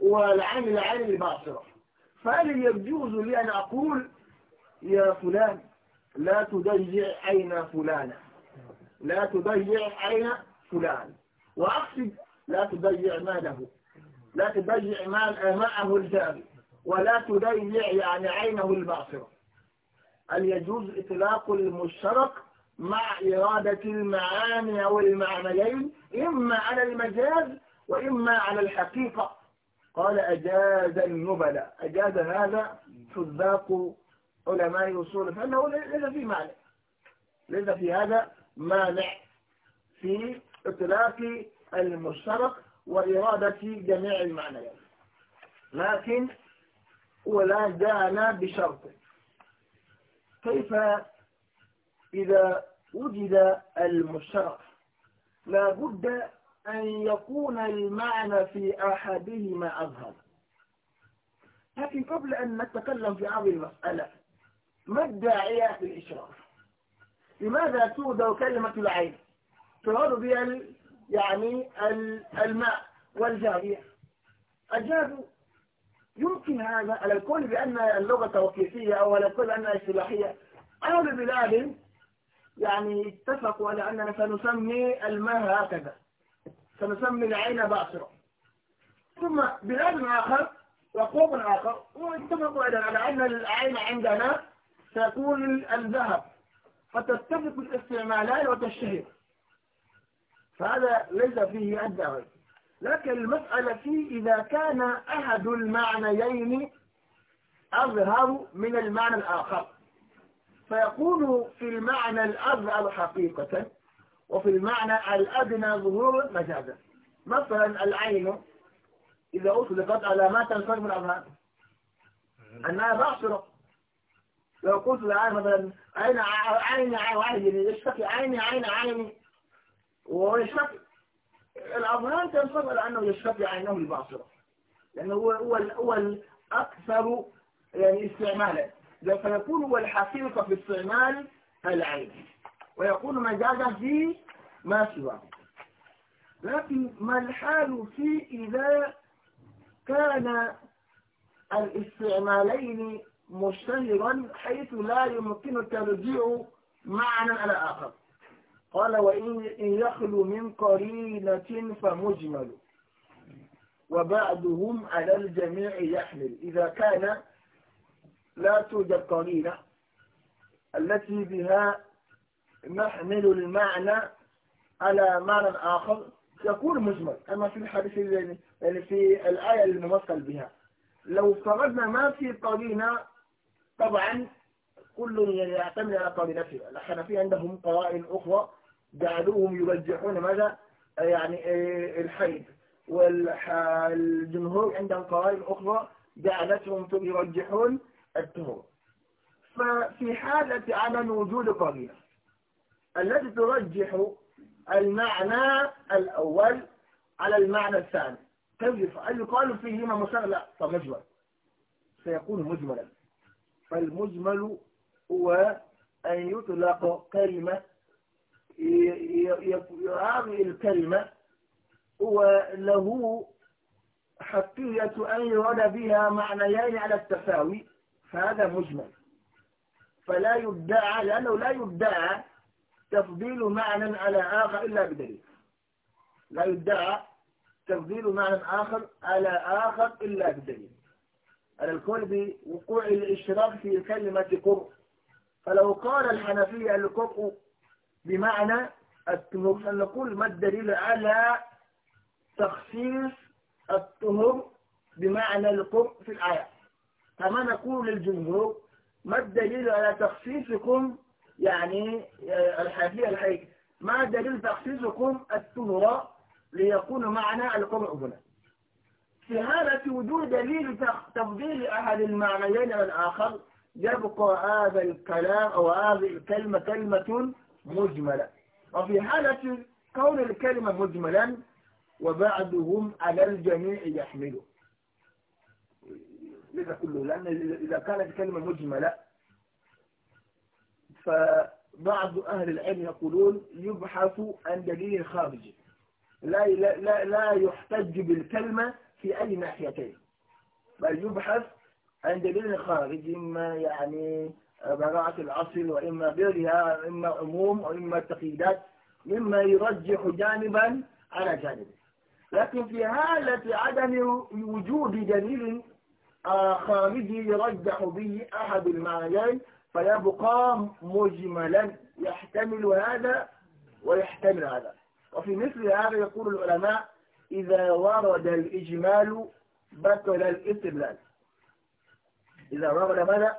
والعين للعين الباصرة فهل يجوز لي أن أقول يا فلان لا تدجع عين فلانة لا تضيع عين فلان وأقصد لا تضيع ماله لا تضيع مال معه الجاري ولا تضيع يعني عينه الباصرة هل يجوز إطلاق المشترك مع إرادة المعاني أو المعنيين إما على المجاز وإما على الحقيقة قال أجاز النبلاء أجاز هذا حذاق علماء أصول فأنه ليس في معنى ليس في هذا مانع في إطلاق المشترك وإرادة جميع المعنيات لكن ولا دانا بشرط كيف إذا وجد المشترك لابد أن يكون المعنى في أحدهما أظهر لكن قبل أن نتكلم في هذه المسألة ما الداعية للإشراف لماذا تودى كلمة العين تراد بها يعني الماء والجارية الجاد يمكن هذا على الكل بأن اللغة توقيفية أو على الكل بأنها اصطلاحية أهل بلاد يعني اتفقوا على أننا سنسمي الماء هكذا سنسمي العين باصرة ثم بلاد آخر وقوم آخر واتفقوا على أن العين عندنا تكون الذهب فتتفق الاستعمالات وتشتهر فهذا ليس فيه أدنى لكن المسألة فيه إذا كان أحد المعنيين أظهر من المعنى الآخر فيكون في المعنى الأظهر حقيقة وفي المعنى الأدنى ظهور مجازا مثلا العين إذا أطلقت على ما تنصر من أظهر أنها باصرة لو قلت الآن مثلا عين عين عين يشتكي عيني عين عيني وهو يشتكي الأذهان تنصب على أنه يشتكي عينه الباصرة لأنه هو هو هو الأكثر يعني استعمالا فيكون هو الحقيقة في استعمال العين ويكون مجازا في ما سواه لكن ما الحال في إذا كان الاستعمالين مشتهرا حيث لا يمكن ترجيع معنى على آخر قال وإن يخلو من قرينة فمجمل وبعدهم على الجميع يحمل إذا كان لا توجد قرينة التي بها نحمل المعنى على معنى آخر يكون مجمل أما في الحديث يعني في الآية الممثل بها لو فرضنا ما في قرينة طبعا كل يعتمد على قول نفسه الحنفية عندهم قوائل أخرى جعلوهم يرجحون ماذا يعني الحيض والجمهور عندهم قوائل أخرى جعلتهم يرجحون الطهور ففي حالة عدم وجود قرينة التي ترجح المعنى الأول على المعنى الثاني كيف أن يقال فيهما مسألة لا فمجمل سيكون مجملا فالمجمل هو أن يطلق كلمة يعني الكلمة هو له حقية أن يرد بها معنيان على التساوي فهذا مجمل فلا يدعى لأنه لا يدعى تفضيل معنى على آخر إلا بدليل لا يدعى تفضيل معنى آخر على آخر إلا بدليل على الكل بوقوع الاشتراك في كلمة كفر فلو قال الحنفية الكفر بمعنى الطهور نقول ما الدليل على تخصيص الطهور بمعنى الكفر في الآية كما نقول للجمهور ما الدليل على تخصيصكم يعني آه، الحنفية الحي ما دليل تخصيصكم الطهور ليكون معنى الكفر هنا في حالة وجود دليل تفضيل أحد المعنيين عن الآخر يبقى هذا الكلام أو هذه الكلمة كلمة مجملة وفي حالة كون الكلمة مجملا وبعدهم على الجميع يحمله ليس كله لأن إذا كانت الكلمة مجملة فبعض أهل العلم يقولون يبحث عن دليل خارجي لا, لا, لا, لا يحتج بالكلمة في أي ناحيتين بل يبحث عن دليل خارج إما يعني براعة الأصل وإما غيرها إما عموم وإما تقييدات مما يرجح جانبا على جانب لكن في حالة عدم وجود دليل خارجي يرجح به أحد المعنيين فيبقى مجملا يحتمل هذا ويحتمل هذا وفي مثل هذا يقول العلماء إذا ورد الإجمال بطل الاستدلال إذا ورد ماذا؟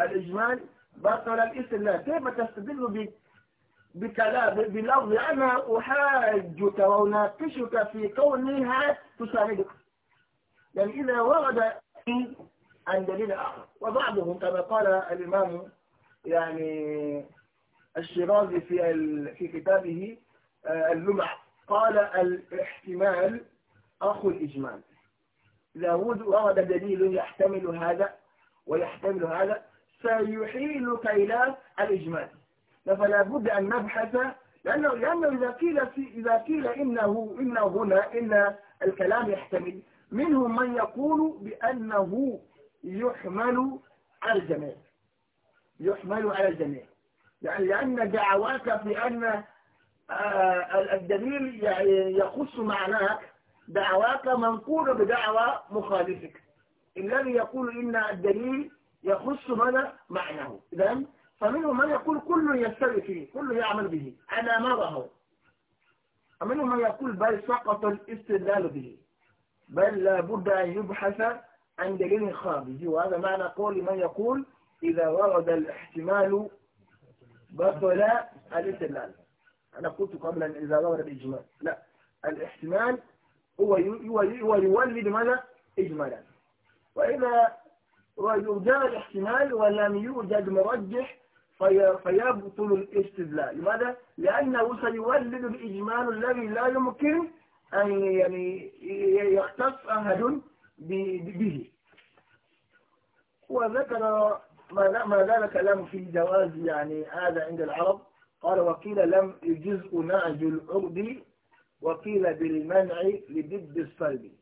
الإجمال بطل الاستدلال كيف تستدل بكلام بلفظ أنا أحاجك وأناقشك في كونها تساعدك يعني إذا ورد عن دليل آخر وبعضهم كما قال الإمام يعني الشيرازي في في كتابه آه، اللمح قال الاحتمال أخو الإجمال داود ورد دليل يحتمل هذا ويحتمل هذا سيحيل إلى الإجمال فلا بد أن نبحث لأنه, لأنه إذا قيل في إذا قيل إنه إن هنا إن الكلام يحتمل منهم من يقول بأنه يحمل على الجميع يحمل على الجميع يعني لأن دعواك في أن آه، الدليل يعني يخص معناك دعواك منقولة بدعوى مخالفك الذي يقول إن الدليل يخص ماذا معناه إذا فمنهم من يقول كل يستوي فيه كل يعمل به على ما ظهر ومنهم من يقول بل سقط الاستدلال به بل لا بد أن يبحث عن دليل خارجي وهذا معنى قول من يقول إذا ورد الاحتمال بطل الاستدلال أنا قلت قبل أن إذا ظهر الإجمال لا الاحتمال هو هو يولد ماذا إجمالا وإذا ويوجد الاحتمال ولم يوجد مرجح في فيبطل الاستدلال لماذا؟ لأنه سيولد الإجمال الذي لا يمكن أن يعني يختص أحد به وذكر ما ما زال كلام في جواز يعني هذا عند العرب قال وقيل لم يجزء نعج العرض وقيل بالمنع لضد الصلب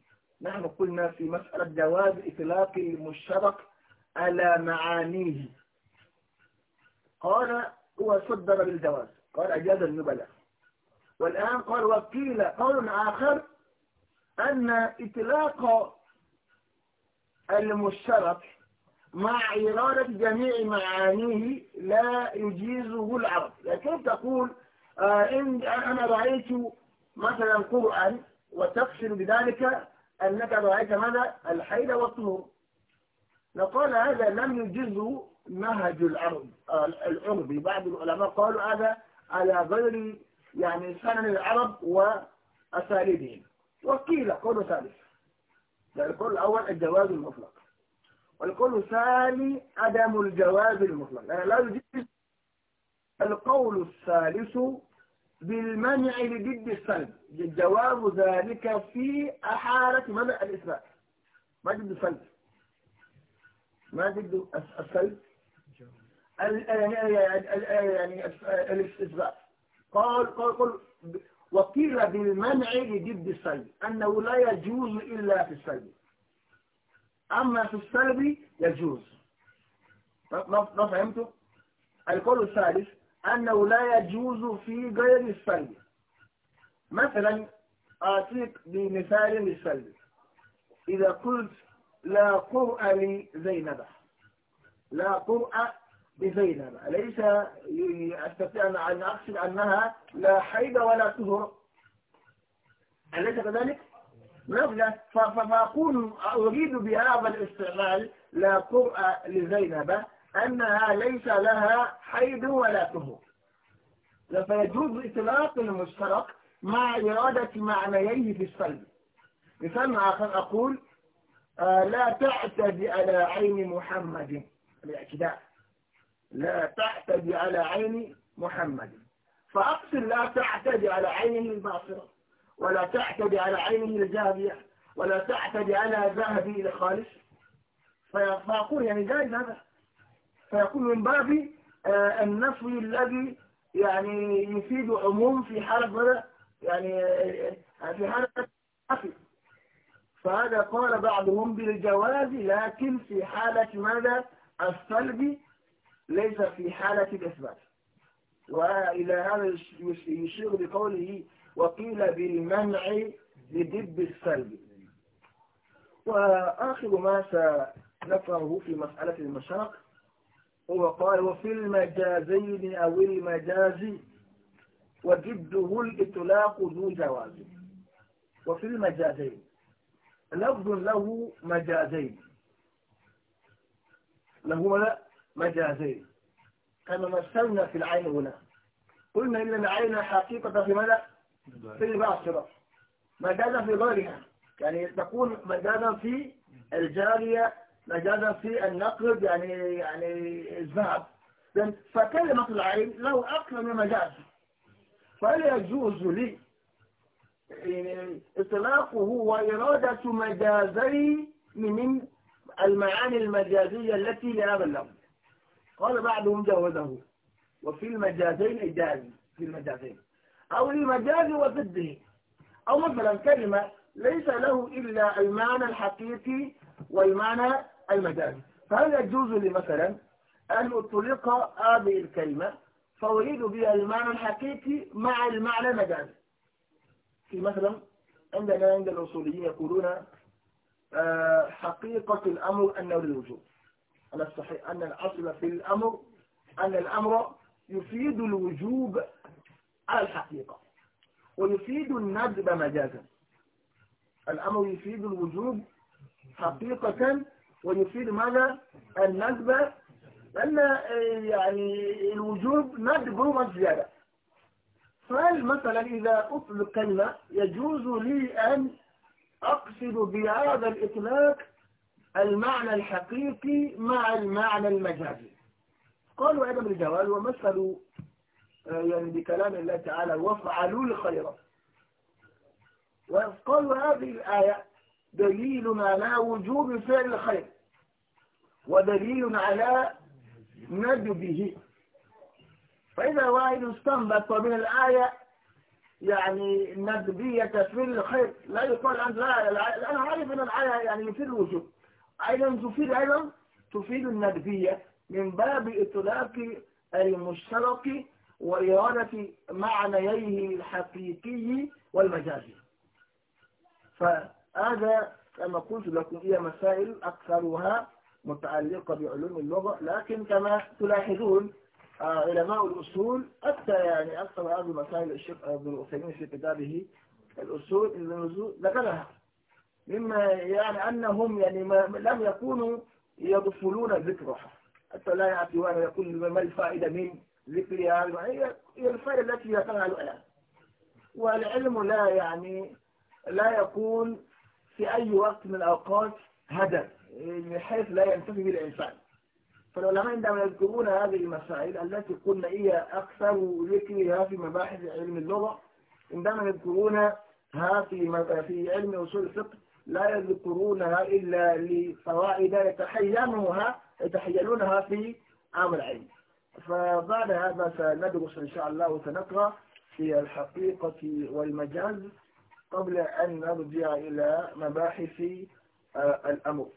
نحن قلنا في مسألة جواز إطلاق المشترك على معانيه قال هو صدر بالجواز قال أجاز النبلاء والآن قال وقيل قول آخر أن إطلاق المشترك مع إرادة جميع معانيه لا يجيزه العرب لكن تقول آه، إن أنا رأيت مثلا قرآن وتفسر بذلك أنك رأيت ماذا الحيل والطهور نقول هذا لم يجزه نهج العرب آه، العربي بعض العلماء قالوا هذا على غير يعني سنن العرب وأساليبهم وقيل قول ثالث القول يعني الأول الجواز المطلق والقول الثاني عدم الجواز المطلق يعني لا يجوز القول الثالث بالمنع لضد السلب جواب ذلك في أحالة منع الإثبات ما جد السلب ما جد السلب يعني, يعني-, يعني-, يعني الاستثبات قال قال قل وقيل بالمنع لضد السلب أنه لا يجوز إلا في السلب أما في السلب يجوز ما فهمتوا؟ القول الثالث أنه لا يجوز في غير السلب مثلا أعطيك بمثال للسلب إذا قلت لا قرأ لزينب لا قرأ بزينب ليس أستطيع أن أقصد أنها لا حيد ولا تهر أليس كذلك؟ نبذة فأقول أريد بهذا الاستعمال لا قرأ لزينب أنها ليس لها حيد ولا طهور فيجوز إطلاق المشترك مع إرادة معنييه في السلب مثال آخر أقول آه، لا تعتدي على عين محمد الاعتداء لا تعتدي على عين محمد فأقصد لا تعتدي على عينه الباصره ولا تحتدي على عينه الجابية ولا تحتدي على ذهبي خالص فأقول يعني جائز هذا فيقول من باب آه، النفي الذي يعني يفيد عموم في حالة ماذا يعني آه، في حالة نفي فهذا قال بعضهم بالجواز لكن في حالة ماذا السلب ليس في حالة الإثبات وإلى هذا يشير بقوله وقيل بالمنع لدب السلب وآخر ما سنفره في مسألة المشاق هو قال وفي المجازين أو المجاز وجده الإطلاق ذو جواز وفي المجازين لفظ له مجازين له مجازين كما مثلنا في العين هنا قلنا إن العين حقيقة في ماذا؟ في البعض مجازا في غيرها يعني تكون مجازا في الجارية مجازا في النقد يعني يعني الذهب فكلمة العين له أكثر من مجاز فلا يجوز لي إطلاقه وإرادة مجازي من المعاني المجازية التي لهذا اللفظ قال بعضهم جوزه وفي المجازين إجاز في المجازين أو لمجاز وضده أو مثلا كلمة ليس له إلا المعنى الحقيقي والمعنى المجازي فهل يجوز لي مثلا أن أطلق هذه الكلمة فأريد بها المعنى الحقيقي مع المعنى المجازي في مثلا عندنا عند الأصوليين يقولون آه، حقيقة الأمر أنه للوجود أنا الصحيح أن الأصل في الأمر أن الأمر يفيد الوجوب على الحقيقة ويفيد الندب مجازا الأمر يفيد الوجوب حقيقة ويفيد ماذا الندب لأن آه، يعني الوجوب ندب وزيادة فهل مثلا إذا أطلق كلمة يجوز لي أن أقصد بهذا الإطلاق المعنى الحقيقي مع المعنى المجازي قالوا عدم الجوال ومثلوا آه، يعني بكلام الله تعالى وافعلوا الخير وقالوا هذه الآية دليل على وجوب فعل الخير ودليل على ندبه فإذا واحد استنبط من الآية يعني ندبية في الخير لا يقال عن لا, أنا عارف أن الآية يعني في الوجوب أيضا تفيد أيضا تفيد الندبية من باب إطلاق المشترك وإرادة معنييه الحقيقي والمجازي فهذا كما قلت لكم هي مسائل أكثرها متعلقة بعلوم اللغة لكن كما تلاحظون آه، علماء الأصول أتى يعني أكثر هذه المسائل الشيخ أبو العثيمين في كتابه الأصول ذكرها مما يعني أنهم يعني ما لم يكونوا يغفلون ذكرها حتى لا يعرفون يقول ما الفائدة من ذكرها هي الفعل التي يقرأها الآن والعلم لا يعني لا يكون في أي وقت من الأوقات هدف بحيث يعني لا ينتفي به الإنسان فالعلماء عندما يذكرون هذه المسائل التي قلنا هي أكثر ذكرها في مباحث علم اللغة عندما يذكرونها في في علم أصول الفقه لا يذكرونها إلا لفوائد يتحيلونها يتحيلونها في أمر العلم فبعد هذا سندرس إن شاء الله وسنقرأ في الحقيقة والمجاز قبل أن نرجع إلى مباحث آه، الأمر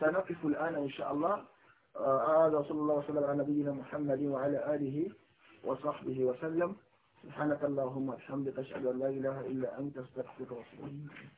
سنقف الآن إن شاء الله آه، آه، هذا صلى الله وسلم على نبينا محمد وعلى آله وصحبه وسلم سبحانك اللهم وبحمدك أشهد أن لا إله إلا أنت أستغفرك وأتوب إليك